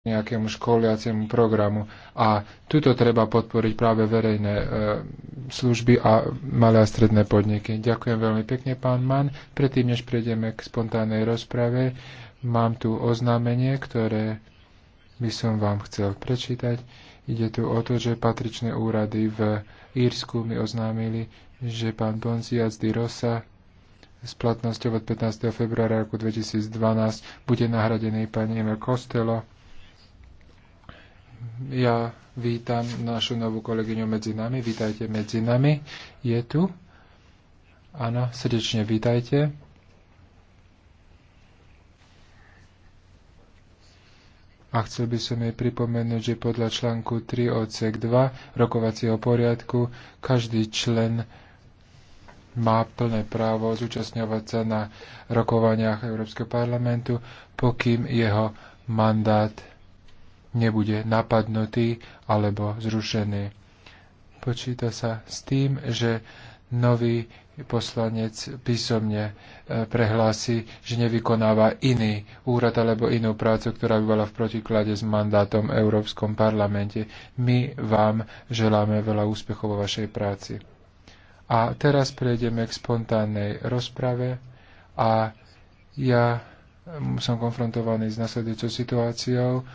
nejakému školiacemu programu. A tuto treba podporiť práve verejné e, služby a malé a stredné podniky. Ďakujem veľmi pekne, pán Mann. Predtým, než prejdeme k spontánnej rozprave, mám tu oznámenie, ktoré by som vám chcel prečítať. Ide tu o to, že patričné úrady v Írsku mi oznámili, že pán Bonziac di Rosa s platnosťou od 15. februára roku 2012 bude nahradený pani Emel Costello ja vítam našu novú kolegyňu medzi nami. Vítajte medzi nami. Je tu? Áno, srdečne vítajte. a chcel by som jej pripomenúť, že podľa článku 3 odsek 2 rokovacieho poriadku každý člen má plné právo zúčastňovať sa na rokovaniach Európskeho parlamentu, pokým jeho mandát nebude napadnutý alebo zrušený. Počíta sa s tým, že nový poslanec písomne e, prehlási, že nevykonáva iný úrad alebo inú prácu, ktorá by bola v protiklade s mandátom v Európskom parlamente. My vám želáme veľa úspechov vo vašej práci. A teraz prejdeme k spontánnej rozprave a ja som konfrontovaný s nasledujúcou situáciou.